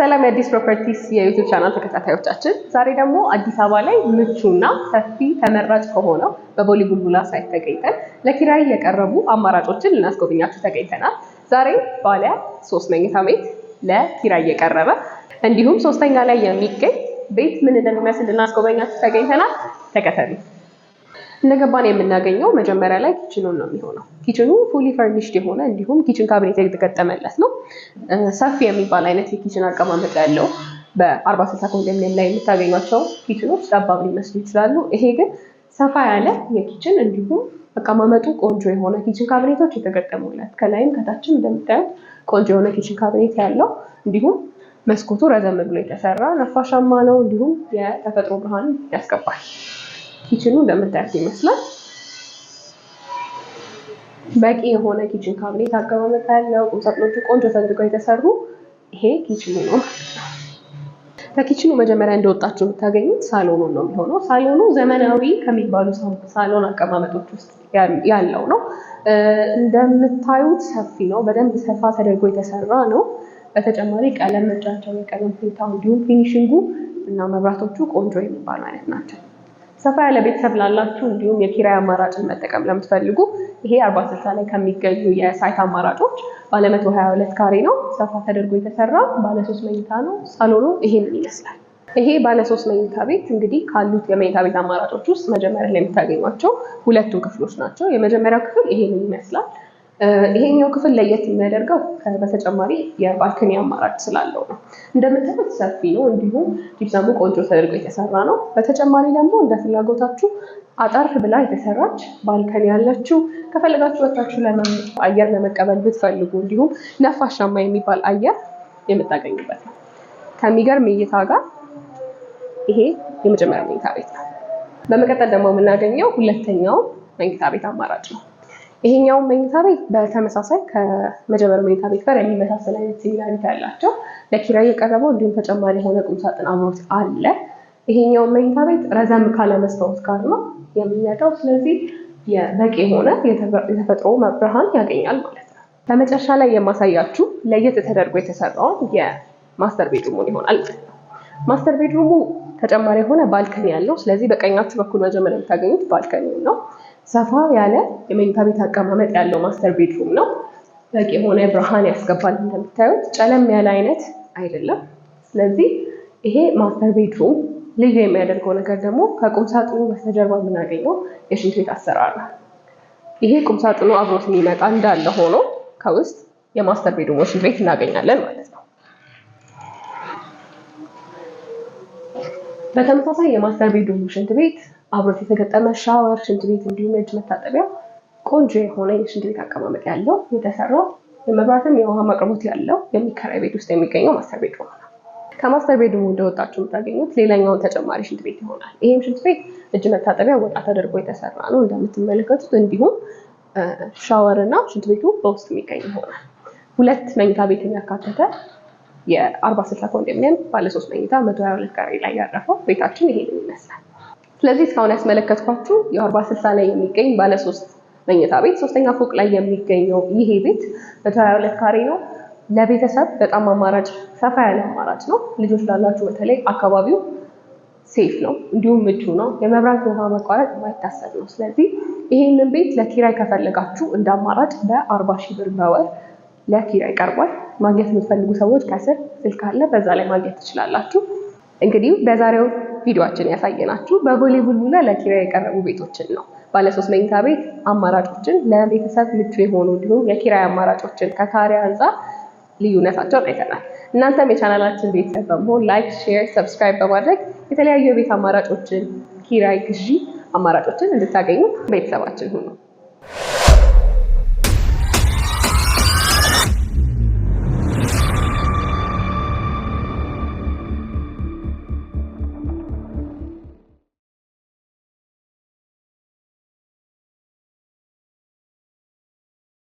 ሰላም የአዲስ ፕሮፐርቲስ የዩቱብ ቻናል ተከታታዮቻችን፣ ዛሬ ደግሞ አዲስ አበባ ላይ ምቹና ሰፊ ተመራጭ ከሆነው በቦሌ ቡልቡላ ሳይት ተገኝተን ለኪራይ የቀረቡ አማራጮችን ልናስጎብኛችሁ ተገኝተናል። ዛሬ ባሊያ ሶስት መኝታ ቤት ለኪራይ የቀረበ እንዲሁም ሶስተኛ ላይ የሚገኝ ቤት ምን እንደሚመስል ልናስጎበኛችሁ ተገኝተናል። ተከተሉ። እንደገባን የምናገኘው መጀመሪያ ላይ ኪችኑን ነው የሚሆነው። ኪችኑ ፉሊ ፈርኒሽድ የሆነ እንዲሁም ኪችን ካብኔት የተገጠመለት ነው። ሰፊ የሚባል አይነት የኪችን አቀማመጥ ያለው በአርባ ስልሳ ኮንዶሚኒየም ላይ የምታገኟቸው ኪችኖች ጠባብ ሊመስሉ ይችላሉ። ይሄ ግን ሰፋ ያለ የኪችን እንዲሁም አቀማመጡ ቆንጆ የሆነ ኪችን ካቢኔቶች የተገጠሙለት ከላይም ከታችም እንደምታዩት ቆንጆ የሆነ ኪችን ካቢኔት ያለው እንዲሁም መስኮቱ ረዘም ብሎ የተሰራ ነፋሻማ ነው። እንዲሁም የተፈጥሮ ብርሃን ያስገባል። ኪችኑ እንደምታያት ይመስላል። በቂ የሆነ ኪችን ካቢኔት አቀማመጥ ያለው ቁምሳጥኖቹ ቆንጆ ተደርገው የተሰሩ ይሄ ኪችኑ ነው። ከኪችኑ መጀመሪያ እንደወጣችሁ የምታገኙት ሳሎኑ ነው የሚሆነው። ሳሎኑ ዘመናዊ ከሚባሉ ሳሎን አቀማመጦች ውስጥ ያለው ነው። እንደምታዩት ሰፊ ነው። በደንብ ሰፋ ተደርጎ የተሰራ ነው። በተጨማሪ ቀለም ምርጫቸው፣ የቀለም ሁኔታ እንዲሁም ፊኒሽንጉ እና መብራቶቹ ቆንጆ የሚባሉ አይነት ናቸው። ሰፋ ያለ ቤተሰብ ላላችሁ እንዲሁም የኪራይ አማራጭን መጠቀም ለምትፈልጉ ይሄ አርባ ስልሳ ላይ ከሚገኙ የሳይት አማራጮች ባለ መቶ ሀያ ሁለት ካሬ ነው። ሰፋ ተደርጎ የተሰራ ባለ ሶስት መኝታ ነው። ሳሎኑ ይሄንን ይመስላል። ይሄ ባለ ሶስት መኝታ ቤት እንግዲህ ካሉት የመኝታ ቤት አማራጮች ውስጥ መጀመሪያ ላይ የምታገኟቸው ሁለቱ ክፍሎች ናቸው። የመጀመሪያው ክፍል ይሄንን ይመስላል። ይሄኛው ክፍል ለየት የሚያደርገው በተጨማሪ የባልክኒ አማራጭ ስላለው ነው። እንደምታዩት ሰፊ ነው፣ እንዲሁም ጂፕሰሙ ቆንጆ ተደርጎ የተሰራ ነው። በተጨማሪ ደግሞ እንደ ፍላጎታችሁ አጠር ብላ የተሰራች ባልከኒ ያለችው ከፈለጋችሁ ወታችሁ አየር ለመቀበል ብትፈልጉ እንዲሁም ነፋሻማ የሚባል አየር የምታገኙበት ነው። ከሚገርም እይታ ጋር ይሄ የመጀመሪያ መኝታ ቤት ነው። በመቀጠል ደግሞ የምናገኘው ሁለተኛው መኝታ ቤት አማራጭ ነው። ይሄኛው መኝታ ቤት በተመሳሳይ ከመጀመሪያው መኝታ ቤት ጋር የሚመሳሰል አይነት ሲሚላሪቲ ያላቸው ለኪራይ የቀረበው እንዲሁም ተጨማሪ የሆነ ቁምሳጥን አብሮት አለ። ይሄኛው መኝታ ቤት ረዘም ካለ መስታወት ጋር ነው የሚመጣው። ስለዚህ በቂ የሆነ የተፈጥሮ መብርሃን ያገኛል ማለት ነው። በመጨረሻ ላይ የማሳያችሁ ለየት ተደርጎ የተሰራውን የማስተር ቤድሩሙን ይሆናል ማለት ነው። ማስተር ቤድሩሙ ተጨማሪ የሆነ ባልከኒ ያለው ስለዚህ በቀኛችሁ በኩል መጀመሪያ የምታገኙት ባልከኒ ነው። ሰፋ ያለ የመኝታ ቤት አቀማመጥ ያለው ማስተር ቤድሩም ነው። በቂ የሆነ ብርሃን ያስገባል። እንደምታዩት ጨለም ያለ አይነት አይደለም። ስለዚህ ይሄ ማስተር ቤድሩም ልዩ የሚያደርገው ነገር ደግሞ ከቁምሳጥኑ በስተጀርባ የምናገኘው የሽንት ቤት አሰራር ነው። ይሄ ቁምሳጥኑ አብሮት የሚመጣ እንዳለ ሆኖ ከውስጥ የማስተር ቤድሩም ሽንት ቤት እናገኛለን ማለት ነው። በተመሳሳይ የማስተር ቤድሩም ሽንት ቤት አብሮት የተገጠመ ሻወር፣ ሽንት ቤት እንዲሁም የእጅ መታጠቢያ ቆንጆ የሆነ የሽንት ቤት አቀማመጥ ያለው የተሰራው የመብራትም የውሃ አቅርቦት ያለው የሚከራይ ቤት ውስጥ የሚገኘው ማስተር ቤድሩም ነው። ከማስተር ቤድሩም እንደወጣችሁ የምታገኙት ሌላኛውን ተጨማሪ ሽንት ቤት ይሆናል። ይህም ሽንት ቤት እጅ መታጠቢያ ወጣ ተደርጎ የተሰራ ነው እንደምትመለከቱት። እንዲሁም ሻወር እና ሽንት ቤቱ በውስጥ የሚገኝ ይሆናል። ሁለት መኝታ ቤት የሚያካተተ የአርባ ስልሳ ኮንዶሚኒየም ባለሶስት መኝታ መቶ ሀያ ሁለት ካሬ ላይ ያረፈው ቤታችን ይሄንን ይመስላል። ስለዚህ እስካሁን ያስመለከትኳችሁ የአርባ ስልሳ ላይ የሚገኝ ባለ ሶስት መኝታ ቤት ሶስተኛ ፎቅ ላይ የሚገኘው ይሄ ቤት መቶ ሀያ ሁለት ካሬ ነው። ለቤተሰብ በጣም አማራጭ ሰፋ ያለ አማራጭ ነው። ልጆች ላላችሁ በተለይ አካባቢው ሴፍ ነው፣ እንዲሁም ምቹ ነው። የመብራት ውሃ መቋረጥ የማይታሰብ ነው። ስለዚህ ይሄንን ቤት ለኪራይ ከፈለጋችሁ እንደ አማራጭ በአርባ ሺህ ብር በወር ለኪራይ ቀርቧል። ማግኘት የምትፈልጉ ሰዎች ከስር ስልክ አለ፣ በዛ ላይ ማግኘት ትችላላችሁ። እንግዲህ በዛሬው ቪዲዮችን ያሳየናችሁ ቡልቡላ ለኪራይ የቀረቡ ቤቶችን ነው። ባለሶስት መኝታ ቤት አማራጮችን ለቤተሰብ ምቹ የሆኑ እንዲሁም የኪራይ አማራጮችን ከካሬ አንጻር ልዩነታቸውን አይተናል። እናንተም የቻናላችን ቤተሰብ በመሆን ላይክ፣ ሼር፣ ሰብስክራይብ በማድረግ የተለያዩ የቤት አማራጮችን ኪራይ፣ ግዢ አማራጮችን እንድታገኙ ቤተሰባችን ሁኑ።